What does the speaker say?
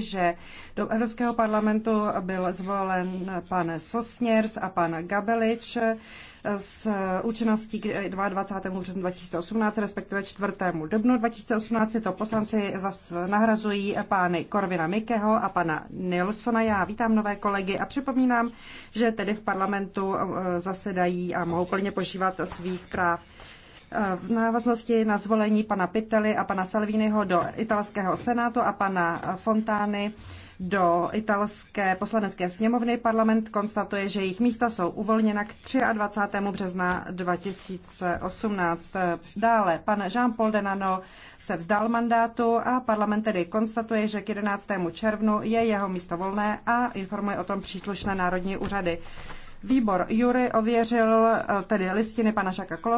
že do Evropského parlamentu byl zvolen pan Sosněrs a pan Gabelič s účinností k 22. březnu 2018, respektive 4. dubnu 2018. Tyto poslanci nahrazují pány Korvina Mikeho a pana Nilsona. Já vítám nové kolegy a připomínám, že tedy v parlamentu eh, zasedají a mohou plně požívat svých práv. Eh, v návaznosti na zvolení pana Pitely a pana Salviniho do italského senátu a pana Fontány do italské poslanecké sněmovny parlament konstatuje, že jejich místa jsou uvolněna k 23. března 2018. Dále pan Jean-Paul Denano se vzdal mandátu a parlament tedy konstatuje, že k 11. červnu je jeho místo volné a informuje o tom příslušné národní úřady. Výbor Jury ověřil eh, tedy listiny pana Šaka Kolom.